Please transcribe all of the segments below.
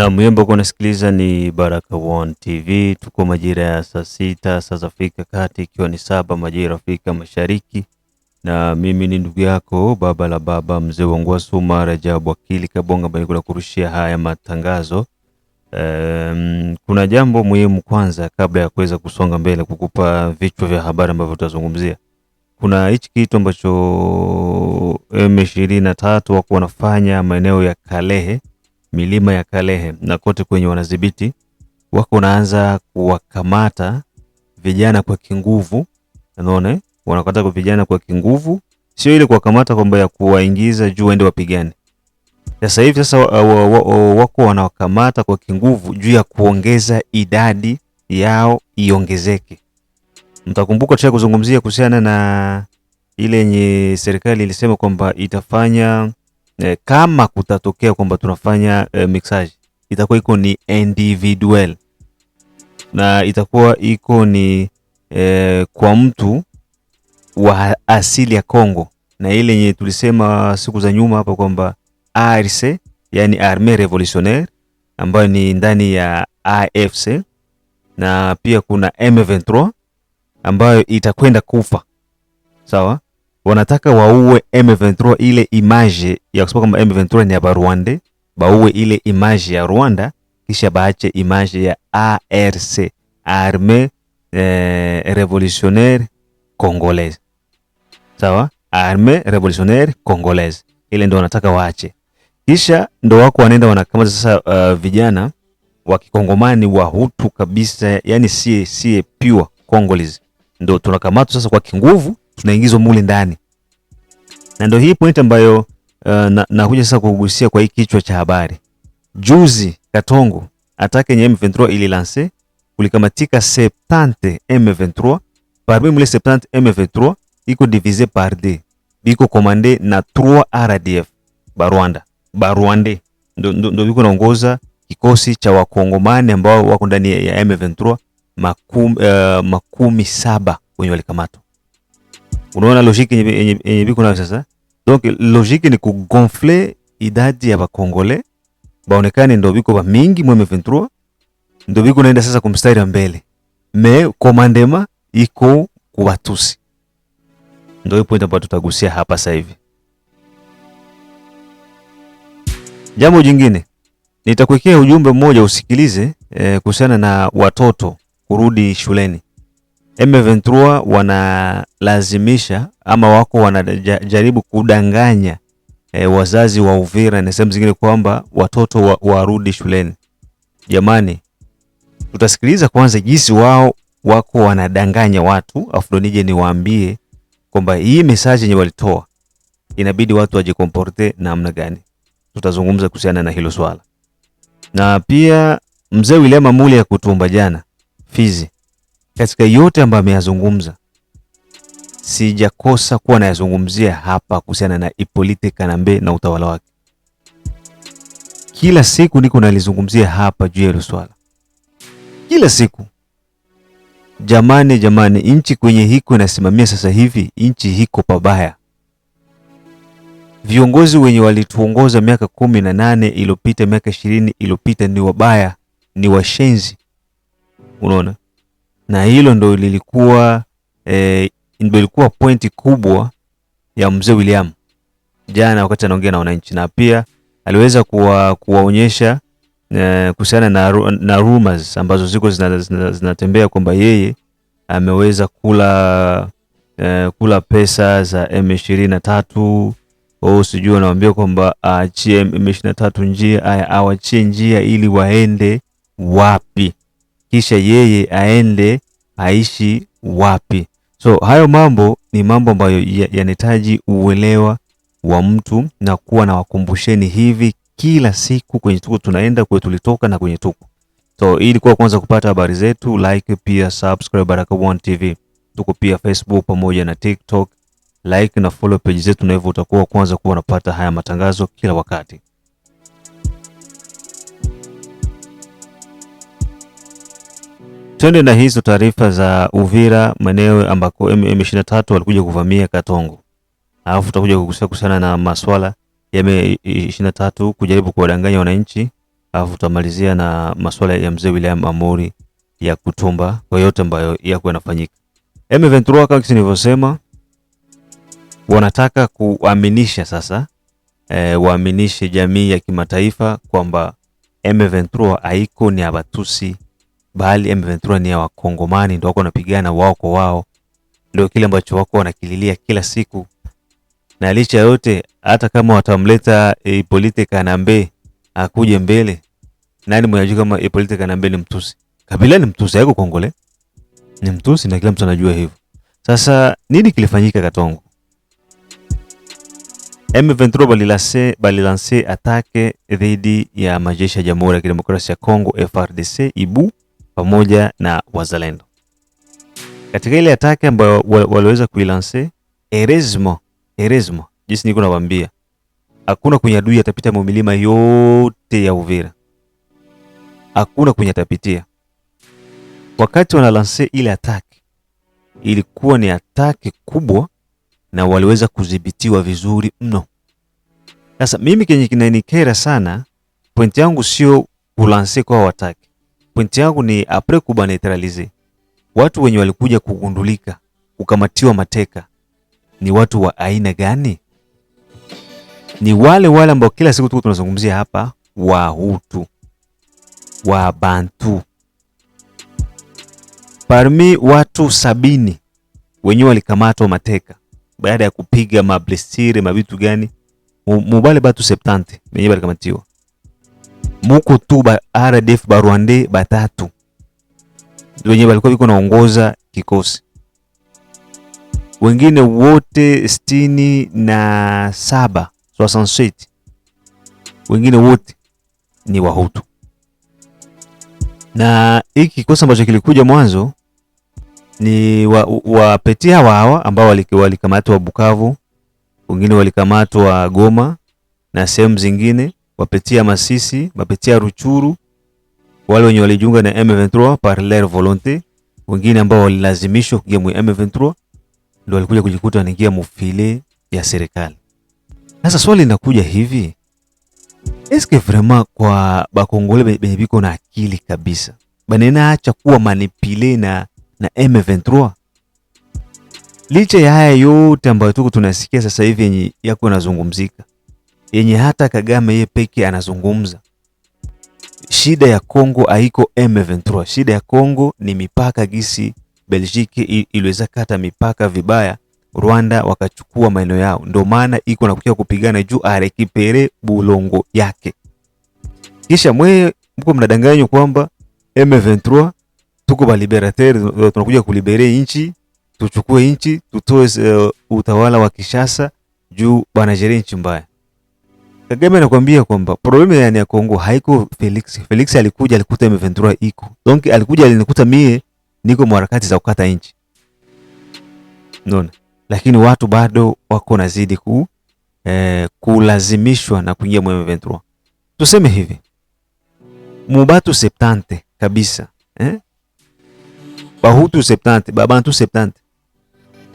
Na myembo kwa nasikiliza ni Baraka One TV. Tuko majira ya saa sita saa za Afrika Kati, ikiwa ni saba majira Afrika Mashariki, na mimi ni ndugu yako baba la baba mzee wa suma Rajabu Akili Kabonga Banikula kurushia haya matangazo. Um, kuna jambo muhimu kwanza kabla ya kuweza kusonga mbele kukupa vichwa vya habari ambavyo tutazungumzia. Kuna hichi kitu ambacho M23 wako wanafanya maeneo ya Kalehe milima ya Kalehe na kote kwenye wanadhibiti wako, wanaanza kuwakamata vijana kwa kinguvu. Unaona, wanakata kwa vijana kwa kinguvu, sio ile kuwakamata kwamba ya kuwaingiza juu waende wapigane. Sasa hivi sasa wako wanawakamata kwa kinguvu juu ya kuongeza idadi yao iongezeke. Mtakumbuka tusha kuzungumzia kuhusiana na ile yenye serikali ilisema kwamba itafanya eh, kama kutatokea kwamba tunafanya eh, mixage itakuwa iko ni individual na itakuwa iko ni eh, kwa mtu wa asili ya Kongo, na ile yenye tulisema siku za nyuma hapa kwamba ARC, yani Armee Revolutionnaire ambayo ni ndani ya AFC, na pia kuna M23 ambayo itakwenda kufa sawa wanataka waue M23, ile image ya kusema kwamba M23 ni ya Rwanda, baue ile image ya Rwanda kisha baache image ya ARC, Armée eh, Revolutionnaire Congolaise. Sawa, Armée Revolutionnaire Congolaise ile ndio wanataka waache, kisha ndo wako wanaenda wanakamata sasa, uh, vijana wa kikongomani wa Hutu kabisa, yani si si pure Congolese, ndo tunakamata sasa kwa kinguvu tunaingizwa mule ndani, na ndio hii point ambayo uh, nakuja na sasa kugusia kwa hii kichwa cha habari. Juzi Katongo atake nye M23 ili lance kulikamatika 70 M23 parmi mule 70 M23 iko divise par d biko komande na 3 RDF Barwanda Barwande ndo biko naongoza kikosi cha wakongomani ambao wako ndani ya M23 makumi, uh, makumi saba wenye walikamatwa Unaona logique yenye yenye yenye biko nayo sasa. Donc logique ni kugonfle idadi ya bakongole baonekane ndo biko ba mingi mweme 23 ndo biko naenda sasa kumstari mbele, me komandema iko kubatusi. Ndo hiyo point ambayo tutagusia hapa sasa hivi. Jambo jingine nitakuwekea ujumbe mmoja usikilize, eh, kuhusiana na watoto kurudi shuleni. M23 wanalazimisha ama wako wanajaribu kudanganya e, wazazi wa Uvira na sehemu zingine kwamba watoto wa, warudi shuleni. Jamani, tutasikiliza kwanza jinsi wao wako wanadanganya watu, afu nije niwaambie kwamba hii message yenye walitoa inabidi watu wajikomporte namna gani. Tutazungumza kuhusiana na hilo swala, na pia mzee William Amuli ya kutumba jana Fizi katika yote ambayo ameyazungumza, sijakosa kuwa nayazungumzia hapa kuhusiana na ipolitik Kanambe na utawala wake. Kila siku niko nalizungumzia hapa juu ya hilo swala, kila siku. Jamani, jamani, nchi kwenye hiko inasimamia sasa hivi, nchi hiko pabaya. Viongozi wenye walituongoza miaka kumi na nane iliyopita, miaka ishirini iliyopita ni wabaya, ni washenzi, unaona na hilo ndo lilikuwa eh, ndo ilikuwa pointi kubwa ya mzee William jana wakati anaongea na wananchi, na pia aliweza kuwa, kuwaonyesha eh, kuhusiana na, na rumors ambazo ziko zinatembea zina, zina kwamba yeye ameweza kula eh, kula pesa za M23 au sijui anawaambia kwamba aachie M23 njia, awachie njia ili waende wapi kisha yeye aende aishi wapi. So hayo mambo ni mambo ambayo yanahitaji uelewa wa mtu na kuwa na wakumbusheni hivi kila siku kwenye tuko tunaenda, kwenye tulitoka na kwenye tuko. So ili kuwa kwanza kupata habari zetu, like pia subscribe baraka One TV. Tuko pia Facebook pamoja na TikTok, like na follow page zetu, na hivyo utakuwa kwanza kuwa unapata haya matangazo kila wakati. Twende na hizo taarifa za Uvira, maeneo ambako M23 walikuja kuvamia Katongo, alafu tutakuja kugusia kuhusiana na maswala ya M23 kujaribu kuwadanganya wananchi, alafu tutamalizia na maswala ya mzee William Amuri ya kutumba kwa yote ambayo yako yanafanyika. M23 kama nilivyosema, wanataka kuaminisha sasa e, waaminishe jamii ya kimataifa kwamba M23 haiko ni abatusi bali Ventura ni ya Wakongomani, ndio wako wanapigana wao kwa wao, ndio kile ambacho wako wanakililia kila siku. Na licha yote, hata kama watamleta Hippolyte Kanambe akuje mbele, nani mwenye kama Hippolyte Kanambe ni mtusi? Kabila ni mtusi, hayuko Kongole, ni mtusi na kila mtu anajua hivyo. Sasa nini kilifanyika Katongo? M23 balilase balilanse atake dhidi ya majeshi ya Jamhuri ya Kidemokrasia ya Kongo FRDC IBU pamoja na wazalendo. Katika ile ataki ambayo waliweza kuilanse Erezmo, Erezmo, jinsi niko nawaambia, hakuna kwenye adui atapita milima yote ya Uvira, hakuna kwenye atapitia. Wakati wanalance ile ataki, ilikuwa ni ataki kubwa na waliweza kudhibitiwa vizuri mno. Sasa mimi kenye kinanikera sana, pointi yangu sio kulance kwa wataki pointi yangu ni apre kuba neutralize. Watu wenye walikuja kugundulika kukamatiwa mateka ni watu wa aina gani? Ni wale wale ambao kila siku tuko tunazungumzia hapa, Wahutu, Wabantu. Parmi watu sabini wenyewe walikamatwa mateka baada ya kupiga mablesire mabitu gani mubale batu septante wenyewe walikamatiwa muko tu ba RDF ba Rwanda batatu wenye balikuwa biko naongoza kikosi, wengine wote sitini na saba wengine wote ni Wahutu. Na hiki kikosi ambacho kilikuja mwanzo ni wapetia wa hawa hawa ambao walikamatwa Bukavu, wengine walikamatwa Goma na sehemu zingine wapitia Masisi, wapitia Ruchuru, wale wenye walijiunga na M23 par leur volonté, wengine ambao walilazimishwa kuingia mu M23 ndio walikuja kujikuta wanaingia mufile ya serikali. Sasa swali linakuja hivi, eske vraiment kwa bakongole benye biko na akili kabisa banena acha kuwa manipile na, na M23 licha ya haya yote ambayo tuko tunasikia sasa hivi yenye yako yanazungumzika yenye hata Kagame yeye peke anazungumza. Shida ya Kongo haiko M23. Shida ya Kongo ni mipaka gisi Belgique iliweza kata mipaka vibaya, Rwanda wakachukua maeneo yao, ndio maana iko kukia kupigana juu arekipere bulongo yake. Kisha mwe mko mnadanganywa kwamba M23 tuko ba liberateur, tunakuja kulibere inchi, tuchukue inchi, tutoe uh, utawala wa kishasa juu banajere nchi mbaya. Kagame anakuambia kwamba problemu ya ya Kongo haiko Felix. Felix alikuja alikuta M23 iko. Donc alikuja alinikuta mie niko mwarakati za kukata inchi. Unaona? Lakini watu bado wako nazidi ku eh, kulazimishwa na kuingia M23. Tuseme hivi. Mubatu 70 kabisa, eh? Bahutu 70, Babantu 70.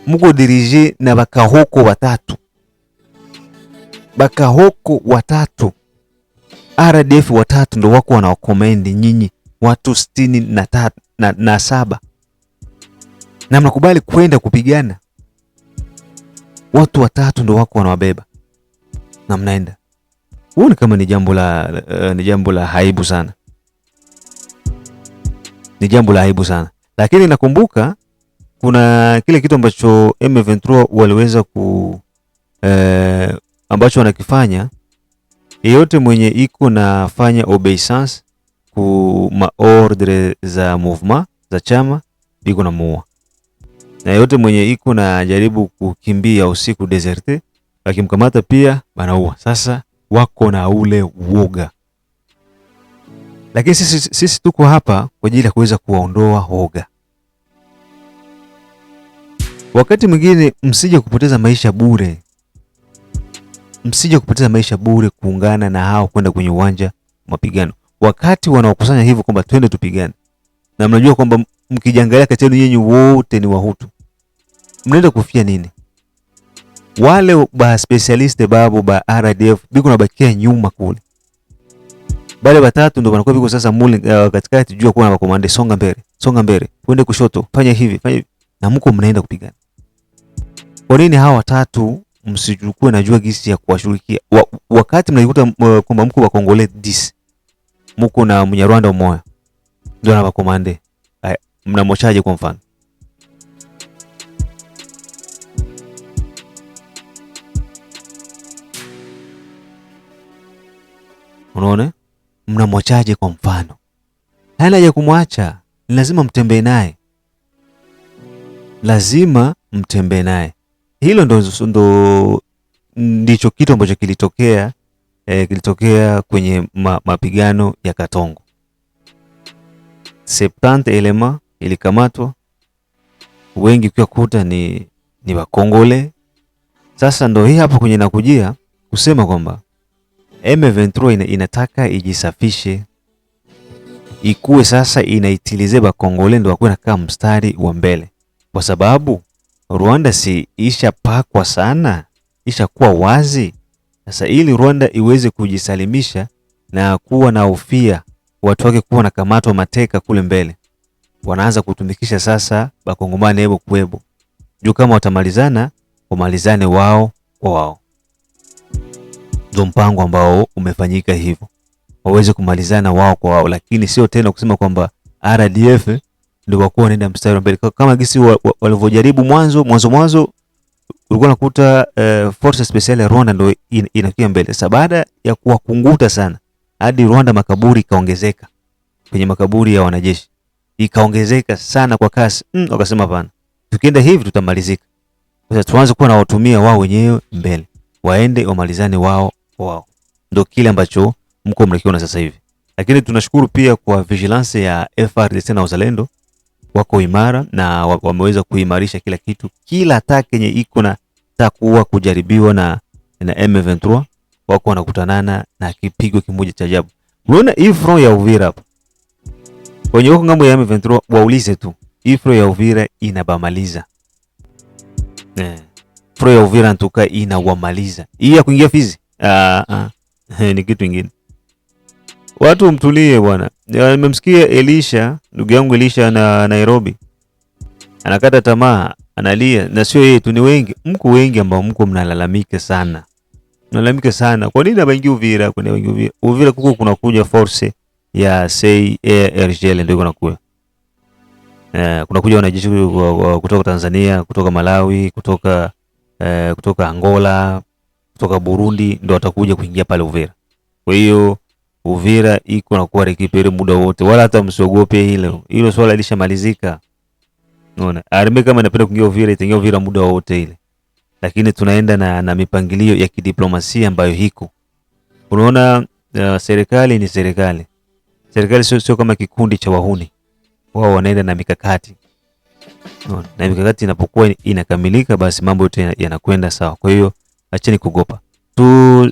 Muko dirije na bakahoko watatu Bakahoko watatu RDF watatu ndo wako wanawakomendi nyinyi watu sitini na, tatu, na, na saba na mnakubali kwenda kupigana. Watu watatu ndo wako wanawabeba na mnaenda. Huoni kama ni jambo la uh, ni jambo la haibu sana, ni jambo la haibu sana. Lakini nakumbuka kuna kile kitu ambacho M23 waliweza ku uh, ambacho wanakifanya, yeyote mwenye iko nafanya obeisance ku maordre za movement za chama iko na muua, na yeyote mwenye iko na jaribu kukimbia usiku deserte, wakimkamata pia banaua. Sasa wako na ule uoga, lakini sisi, sisi tuko hapa kwa ajili ya kuweza kuwaondoa woga. Wakati mwingine msije kupoteza maisha bure msije kupoteza maisha bure kuungana na hao kwenda kwenye uwanja mapigano, wakati wanaokusanya hivyo kwamba twende tupigane, na mnajua kwamba mkijangalia kati yenu nyinyi wote ni Wahutu, mnaenda kufia nini? Wale ba specialist babu ba RDF biko nabakia nyuma kule, bale batatu ndo wanakuwa biko sasa mule uh, katikati, jua kuwa na komande, songa mbele, songa mbele, kwende kushoto, fanya hivi, fanya hivi, na mko mnaenda kupigana. Kwa nini hawa watatu msijukue najua gisi ya kuwashughulikia wakati mnajikuta uh, kwamba mko wakongole dis mko na mnyarwanda mmoja ndio na bakomande mnamoshaje kwa mfano Unaona, mnamwachaje? Kwa mfano, hana ya kumwacha, lazima mtembee naye, lazima mtembee naye hilo ndo, ndo ndicho kitu ambacho kilitokea eh, kilitokea kwenye ma, mapigano ya Katongo. Septante elema ilikamatwa, wengi ukiwakuta ni, ni Wakongole. Sasa ndo hii hapo kwenye nakujia kusema kwamba M23 inataka ijisafishe ikuwe sasa inaitilize Bakongole ndo wakuwe nakaa mstari wa mbele kwa sababu Rwanda si ishapakwa sana, ishakuwa wazi. Sasa ili Rwanda iweze kujisalimisha na kuwa na ufia watu wake kuwa na kamatwa mateka kule mbele, wanaanza kutumikisha sasa bakongomane hebo kuwebo juu, kama watamalizana wamalizane wao kwa wao. Ndio mpango ambao umefanyika hivyo, waweze kumalizana wao kwa wao, lakini sio tena kusema kwamba RDF ndio kwa kuwa nenda mstari wa mbele kama gisi walivyojaribu mwanzo mwanzo mwanzo ulikuwa unakuta uh, force special ya Rwanda ndio in, inakuwa mbele. Sasa baada ya kuwakunguta sana hadi Rwanda makaburi ikaongezeka kwenye makaburi ya wanajeshi ikaongezeka sana kwa kasi mm, wakasema hapana, tukienda hivi tutamalizika. Sasa tuanze kuwa na watumia wao wenyewe mbele, waende wamalizane wao wao. Ndio kile ambacho mko mlikiona sasa hivi, lakini tunashukuru pia kwa vigilance ya FRDC na uzalendo wako imara na wameweza kuimarisha kila kitu. Kila atake yenye iko na takuwa kujaribiwa na na M23 wako wanakutanana na kipigo kimoja cha ajabu. Unaona hii front ya Uvira kwenye huko ngambo ya M23 waulize tu. Hii front ya Uvira inabamaliza. Eh. Front ya Uvira ntuka inawamaliza. Hii ya kuingia Fizi? Ah ah. Ni kitu kingine. Watu mtulie bwana. Nimemsikia Elisha, ndugu yangu Elisha na Nairobi, anakata tamaa, analia, na sio yeye tu, ni wengi, mko wengi ambao mko mnalalamika sana, mnalalamika sana. Kwa nini abaingia Uvira? Kwa nini Uvira? Uvira kuko kunakuja force ya CIRGL ndio kunakuja eh, kuja wanajeshi kutoka Tanzania, kutoka Malawi, kutoka eh, kutoka Angola, kutoka Burundi, ndio watakuja kuingia pale Uvira. Kwa hiyo Uvira iko na kuwa rekipere muda wote, wala hata msiogope hilo. Hilo swala lishamalizika. Unaona, arme kama inapenda kuingia Uvira itaingia Uvira muda wote ile, lakini tunaenda na, na mipangilio ya kidiplomasia ambayo hiko. Unaona, uh, serikali ni serikali. Serikali sio sio kama kikundi cha wahuni, wao wanaenda na mikakati unaona, na mikakati inapokuwa inakamilika, basi mambo yote yanakwenda sawa. Kwa hiyo acheni kugopa tu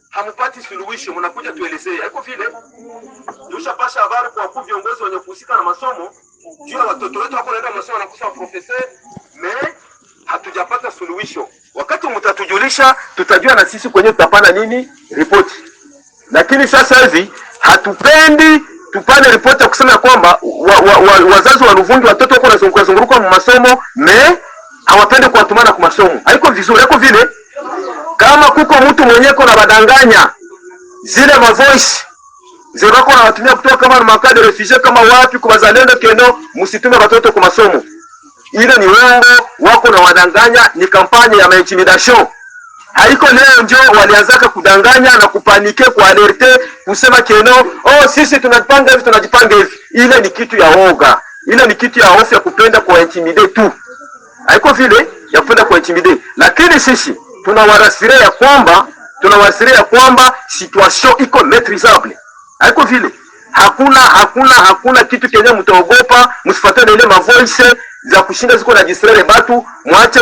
hamupati suluhisho, mnakuja tuelezee. Haiko vile tushapasha habari kwa wakuu viongozi wenye kuhusika na masomo juu ya watoto wetu wako naenda masomo wanakosa profesa, me hatujapata suluhisho. Wakati mtatujulisha, tutajua na sisi kwenye tutapana nini ripoti. Lakini sasa hivi hatupendi tupane ripoti ya kusema kwamba wa, wa, wa, wazazi wa Ruvungi watoto wako nazunguka zunguruka masomo me hawapendi kuwatumana kwa masomo. Haiko vizuri, haiko vile kama kuko mtu mwenye kona badanganya zile ma voice zirako na watumia kutoka kama makadi refugee kama wapi kwa wazalendo keno, msitume watoto kwa masomo. Ile ni wengo wako na wadanganya, ni kampanya ya intimidation. Haiko leo njo walianzaka kudanganya na kupanike kwa alerte kusema keno, oh sisi tunajipanga hivi tunajipanga hivi. Ile ni kitu ya oga, ile ni kitu ya hofu ya kupenda kwa intimidate tu, haiko vile ya kupenda kwa intimidate, lakini sisi tunawarasire ya kwamba tunawarasire ya kwamba situation iko maîtrisable, haiko vile, hakuna hakuna hakuna kitu kenye mtaogopa. Msifuatane ile ma za kushinda ziko na distraire batu, mwache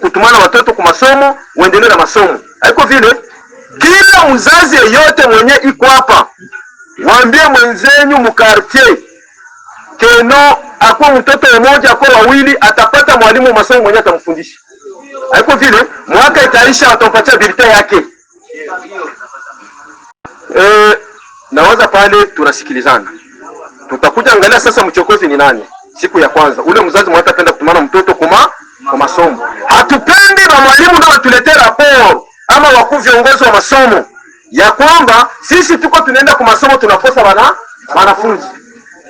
kutumana watoto kwa masomo, uendelee na masomo, haiko vile. Kila mzazi yeyote mwenye iko hapa, waambie mwenzenyu mkartier keno, akuwa mtoto mmoja, akuwa wawili, atapata mwalimu masomo mwenye atamfundisha haiko vile, eh? mwaka itaisha, atampatia bilita yake. E, nawaza pale tunasikilizana, tutakuja angalia sasa mchokozi ni nani. Siku ya kwanza ule mzazi mwatapenda kutumana mtoto kuma kwa masomo, hatupendi na mwalimu ndio watuletee raporo ama wakuu viongozi wa masomo ya kwamba sisi tuko tunaenda kwa masomo tunakosa wana wanafunzi,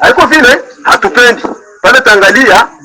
haiko vile, hatupendi pale, tangalia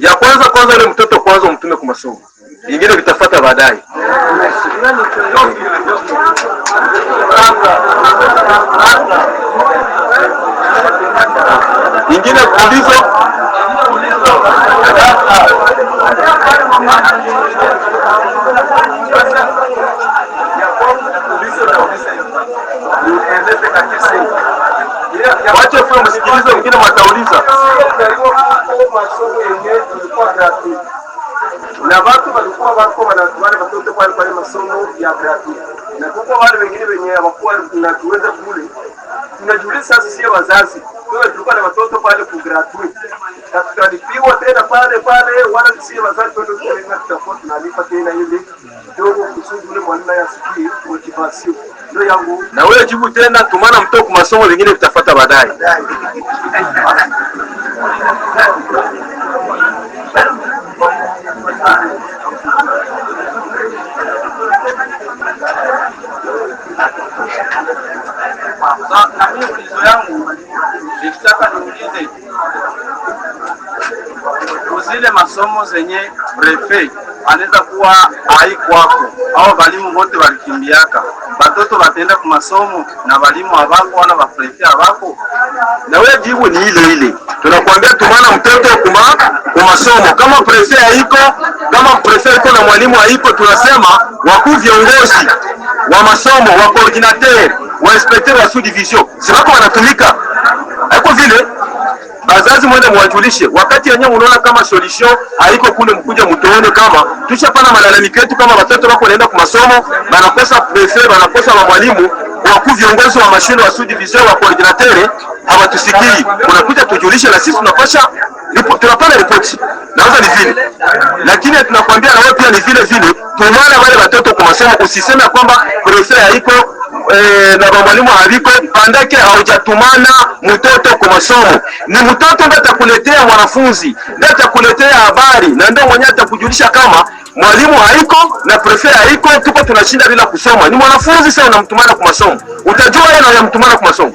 ya kwanza kwanza ile mtoto kwanza umtume kwa masomo, vingine vitafuata baadaye. Ingine kuulizo wache fue msikilizo, mwingine mwatauliza na watu walikuwa wako wale watoto kwa pale masomo ya gratuit, na kwa wale wengine wenye hawakuwa tunatuweza kule, tunajiuliza sasa, sio wazazi wewe, tulikuwa na watoto pale kwa gratuit na tutalipiwa tena pale pale, wala sio wazazi wetu, tena tutakuwa tunalipa tena ile kidogo kusudi ule mwalimu asikie motivation ndio yangu. Na wewe jibu tena, tumana mtoko masomo, vingine vitafuata baadaye. na mimi ulizo yangu niulize zile masomo zenye prefe anaweza kuwa aikwako au walimu wote walikimbiaka, batoto batenda kwa masomo na balimu abako wana baprefe abako. Na wewe jibu ni ile ile, tunakuambia tumana mtoto kuma kwa masomo. Kama prefe haiko, kama prefe iko na mwalimu haiko, tunasema wakuu viongozi wa masomo wa coordinateur wa inspecteur ya wanatumika, haiko vile. Bazazi mwende muwajulishe, wakati yenyewe unaona kama solution haiko kule, mkuja mtoone kama tushapana malalamiko yetu, kama watoto wako wanaenda kwa masomo banakosa prefe, banakosa wa mwalimu wakuu, viongozi wa mashule wa sudivision wa coordinateur hawatusikii, unakuja tujulisha na sisi tunapasha tunapana ripoti, naweza ni vile lakini tunakwambia na wewe pia ni vile vile, tumana wale watoto kwa masemo, usiseme kwamba profesa haiko e, eh, na mwalimu haviko pandake, haujatumana mtoto kwa masomo. Ni mtoto ndiye atakuletea mwanafunzi, ndiye atakuletea habari na ndio mwenyewe atakujulisha kama mwalimu haiko na prefea haiko, tuko tunashinda bila kusoma. Ni mwanafunzi sasa, unamtumana kwa masomo, utajua yeye na anayamtumana kwa masomo.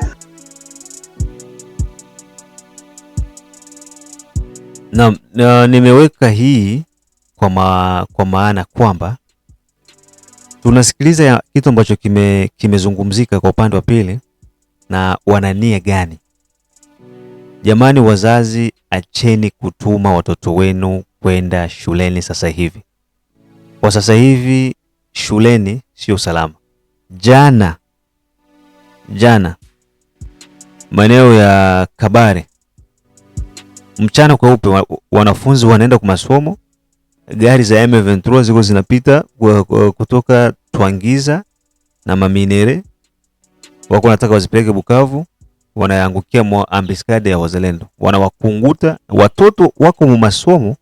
na, na nimeweka hii kwa, ma, kwa maana kwamba tunasikiliza kitu ambacho kimezungumzika kime kwa upande wa pili na wanania gani. Jamani wazazi, acheni kutuma watoto wenu kwenda shuleni sasa hivi. Kwa sasa hivi shuleni sio salama. Jana jana maeneo ya Kabare mchana kweupe, wanafunzi wanaenda kwa masomo, gari za M 23 ziko zinapita kutoka Twangiza na Maminere, wako nataka wazipeleke Bukavu, wanaangukia mwa ambiskade ya wazalendo, wanawakunguta watoto wako mu masomo,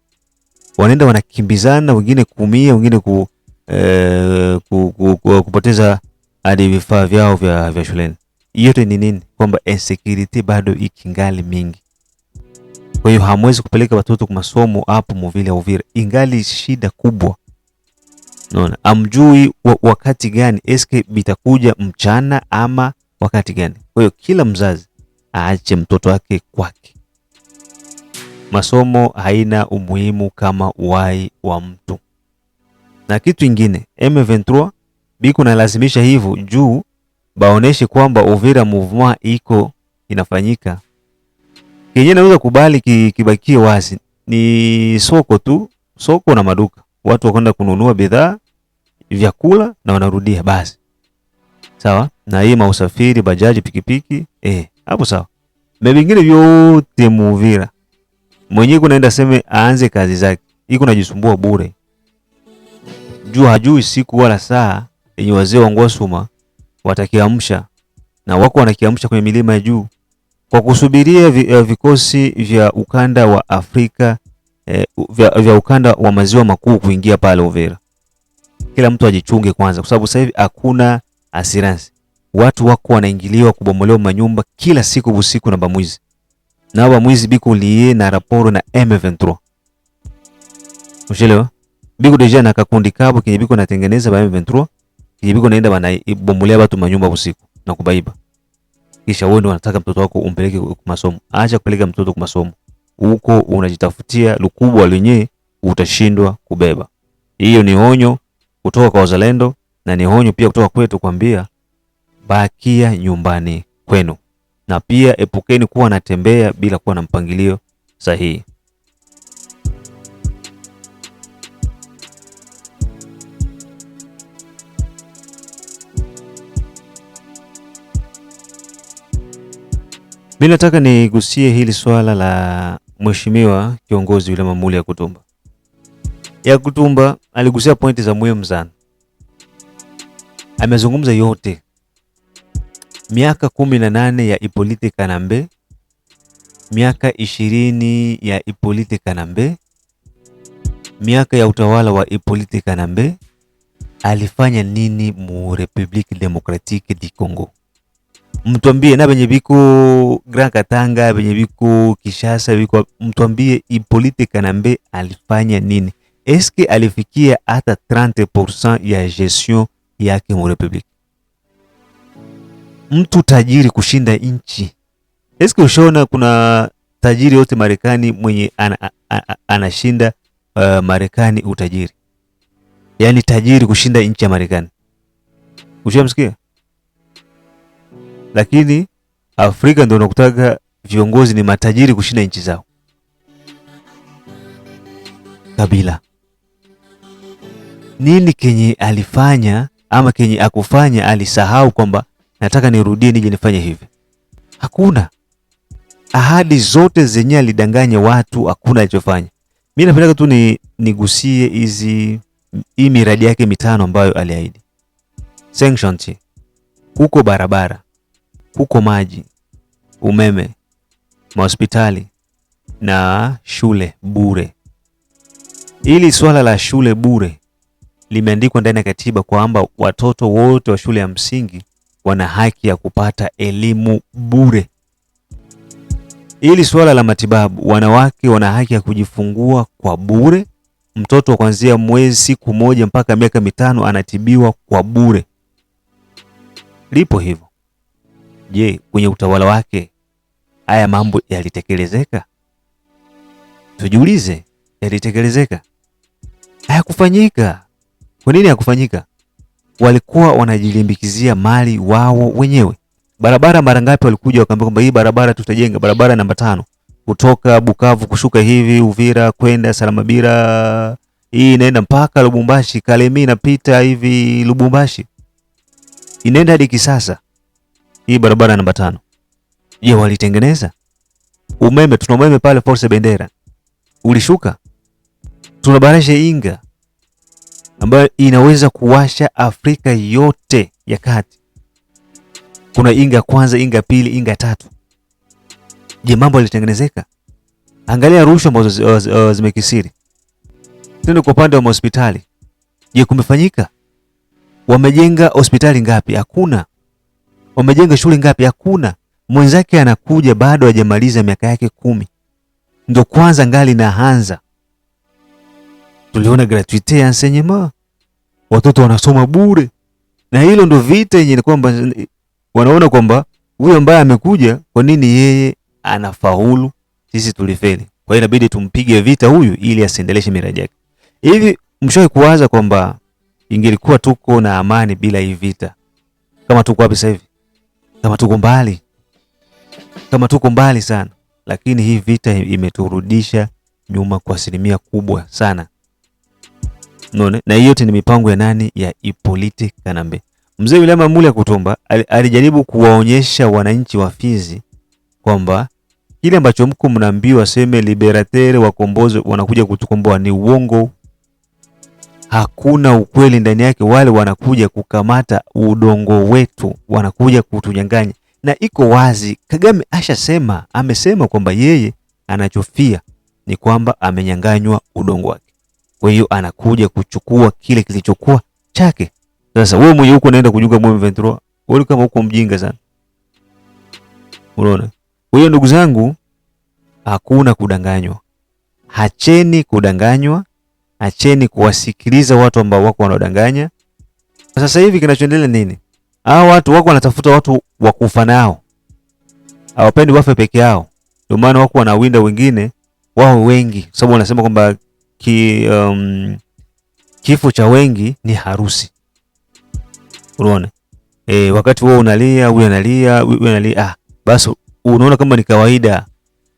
wanaenda wanakimbizana, wengine kuumia, wengine ku, eh, ku, ku, ku, ku, kupoteza hadi vifaa vyao vya, vya shuleni. Yote ni nini? Kwamba insecurity bado ikingali mingi. Kwa hiyo hamwezi kupeleka watoto kwa masomo hapo Muvili ya Uvira, ingali shida kubwa. Unaona, amjui wa, wakati gani eske bitakuja mchana ama wakati gani. Kwa hiyo kila mzazi aache mtoto wake kwake. Masomo haina umuhimu kama uhai wa mtu. Na kitu ingine M23 biko nalazimisha hivyo juu baoneshe kwamba Uvira movement iko inafanyika kenye naweza kubali kibakie wazi, ni soko tu, soko na maduka, watu wakwenda kununua bidhaa, vyakula na wanarudia basi, sawa na hii mausafiri, bajaji, pikipiki eh, hapo sawa. Na vingine vyote Muvira mwenyewe kunaenda seme aanze kazi zake, iko najisumbua bure, juu hajui siku wala saa yenye wazee wa Ngwasuma watakiamsha, na wako wanakiamsha kwenye milima ya juu kwa kusubiria eh, vikosi vya ukanda wa Afrika eh, vya, vya ukanda wa maziwa makuu kuingia pale Uvira. Kila mtu ajichunge kwanza, kwa sababu sasa hivi hakuna asiransi. Watu wako wanaingiliwa kubomolewa manyumba kila siku busiku na bamwizi na bamwizi biko liye na raporo na M23 Mshelewa? Biko deja na kakundi kabo kenye biko natengeneza ba M23 kenye biko naenda banaibomolea ibomolea watu manyumba busiku na kubaiba kisha wewe ndio unataka mtoto wako umpeleke masomo. Acha kupeleka mtoto kwa masomo, huko unajitafutia lukubwa lenye utashindwa kubeba. Hiyo ni onyo kutoka kwa wazalendo na ni onyo pia kutoka kwetu kwambia, bakia nyumbani kwenu, na pia epukeni kuwa natembea bila kuwa na mpangilio sahihi. Mi nataka nigusie hili swala la mheshimiwa kiongozi yule Mamuli ya kutumba aligusia pointi za muhimu sana, amezungumza yote. Miaka kumi na nane ya ipoliti Kanambe, miaka ishirini ya ipoliti Kanambe, miaka ya utawala wa ipoliti Kanambe alifanya nini mu Republique Democratique du Congo? mtwambie na venye viko Grand Katanga, venye viko Kishasa, viko mtwambie Hippolyte Kanambe alifanya nini? Eske alifikia hata 30% ya gestion yake mu republiki? Mtu tajiri kushinda nchi. Eske ushaona kuna tajiri yote Marekani mwenye anashinda ana, uh, Marekani utajiri, yaani tajiri kushinda nchi ya Marekani? Ushamsikia? lakini Afrika ndio unakutaga viongozi ni matajiri kushinda nchi zao. Kabila nini kenye alifanya ama kenye akufanya alisahau kwamba nataka nirudie nije nifanye hivi? Hakuna. Ahadi zote zenye alidanganya watu, hakuna alichofanya. Mimi napenda tu ni nigusie hizi hii miradi yake mitano ambayo aliahidi. Sanctions huko barabara huko maji, umeme, mahospitali na shule bure. Ili swala la shule bure limeandikwa ndani ya katiba kwamba watoto wote wa shule ya msingi wana haki ya kupata elimu bure. Ili suala la matibabu, wanawake wana haki ya kujifungua kwa bure. Mtoto kuanzia mwezi siku moja mpaka miaka mitano anatibiwa kwa bure. Lipo hivyo. Je, kwenye utawala wake haya mambo yalitekelezeka? Tujiulize, yalitekelezeka? Hayakufanyika. Kwa nini hakufanyika? Walikuwa wanajilimbikizia mali wao wenyewe. Barabara mara ngapi walikuja wakaambia kwamba hii barabara tutajenga, barabara namba tano kutoka Bukavu kushuka hivi Uvira kwenda Salamabila, hii inaenda mpaka Lubumbashi, Kalemi inapita hivi Lubumbashi, inaenda hadi Kisasa hii barabara namba tano. Je, walitengeneza umeme? Tuna umeme pale Force Bendera ulishuka. Tuna barasha Inga ambayo inaweza kuwasha Afrika yote ya kati. Kuna Inga kwanza, Inga pili, Inga tatu. Je, mambo yalitengenezeka? Angalia rushwa ambazo uh, uh, zimekisiri. Tende kwa upande wa hospitali, je, kumefanyika? Wamejenga hospitali ngapi? Hakuna wamejenga shule ngapi? Hakuna. Mwenzake anakuja bado hajamaliza miaka yake kumi, ndo kwanza ngali naanza. Tuliona gratuite ya enseignement, watoto wanasoma bure, na hilo ndo vita yenye kwamba wanaona kwamba huyo ambaye amekuja, kwa nini yeye anafaulu, sisi tulifeli? Kwa hiyo inabidi tumpige vita huyu ili asiendeleshe miradi yake. Hivi mshawahi kuwaza kwamba ingelikuwa tuko na amani bila hii vita, kama tuko wapi sasa hivi? kama tuko mbali, kama tuko mbali sana, lakini hii vita imeturudisha nyuma kwa asilimia kubwa sana. Unaona, na hiyo yote ni mipango ya nani? Ya ipolite Kanambe. Mzee William Amuli Kutumba alijaribu kuwaonyesha wananchi wa Fizi kwamba kile ambacho mko mnaambiwa, aseme liberatere wakombozi wanakuja kutukomboa ni uongo hakuna ukweli ndani yake. Wale wanakuja kukamata udongo wetu, wanakuja kutunyang'anya, na iko wazi. Kagame ashasema, amesema kwamba yeye anachofia ni kwamba amenyang'anywa udongo wake, kwa hiyo anakuja kuchukua kile kilichokuwa chake. Sasa wewe mwenye huko unaenda kujunga mwe Ventura, wewe kama huko mjinga sana, unaona. Kwa hiyo ndugu zangu, hakuna kudanganywa, hacheni kudanganywa acheni kuwasikiliza watu ambao wako wanaodanganya. Sasa hivi kinachoendelea nini? Hao watu wako wanatafuta watu wa kufa nao, hawapendi wafe peke yao, ndio maana wako wanawinda wengine wao wengi, sababu wanasema kwamba ki, um, kifo cha wengi ni harusi. Unaona e, wakati wewe unalia, huyu analia, huyu analia, ah, basi unaona kama ni kawaida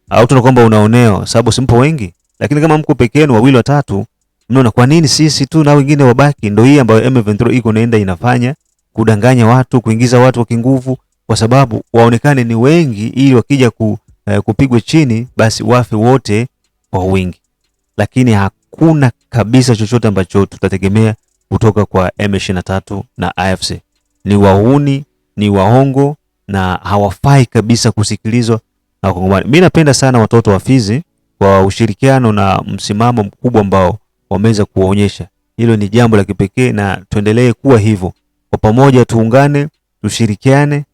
au tuna kwamba unaoneo, sababu simpo wengi. Lakini kama mko peke yenu wawili watatu, Mnaona kwa nini sisi tu na wengine wabaki? Ndio hii ambayo M23 iko naenda inafanya kudanganya watu, kuingiza watu wa kinguvu, kwa sababu waonekane ni wengi, ili wakija ku, eh, kupigwe chini basi wafe wote kwa wingi, lakini hakuna kabisa chochote ambacho tutategemea kutoka kwa M23 na AFC. Ni wahuni, ni waongo na hawafai kabisa kusikilizwa na Wakongomani. Mimi napenda sana watoto wa Fizi kwa ushirikiano na msimamo mkubwa ambao wameweza kuwaonyesha. Hilo ni jambo la kipekee na tuendelee kuwa hivyo kwa pamoja, tuungane, tushirikiane,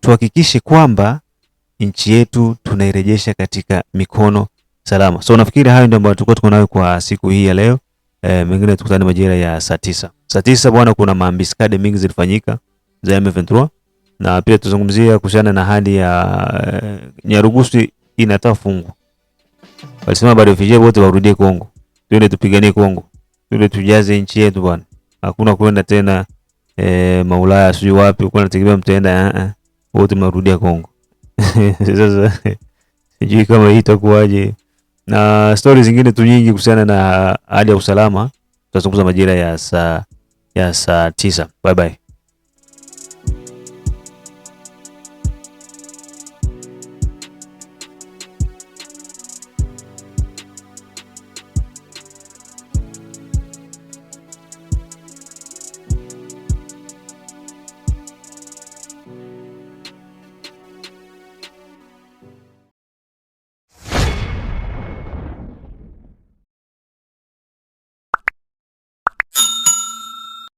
tuhakikishe kwamba nchi yetu tunairejesha katika mikono salama. So nafikiri hayo ndio ambayo tulikuwa tuko nayo kwa siku hii ya leo. E, mengine tukutane majira ya saa tisa. Saa tisa bwana, kuna maambiskade mingi zilifanyika za M23 na pia tuzungumzia kuhusiana na hali ya e, Nyarugusu inatafungwa. Walisema bado vijana wote warudie Kongo. Twende tupiganie Kongo, twende tujaze nchi yetu bwana. Hakuna kwenda tena e, Maulaya sijui wapi uko nategemea mtaenda eh, eh. wote mnarudia Kongo. Sasa sijui kama hii itakuwaje, na stori zingine tu nyingi kuhusiana na hali ya usalama tutazungumza majira ya saa ya saa tisa. Bye bye.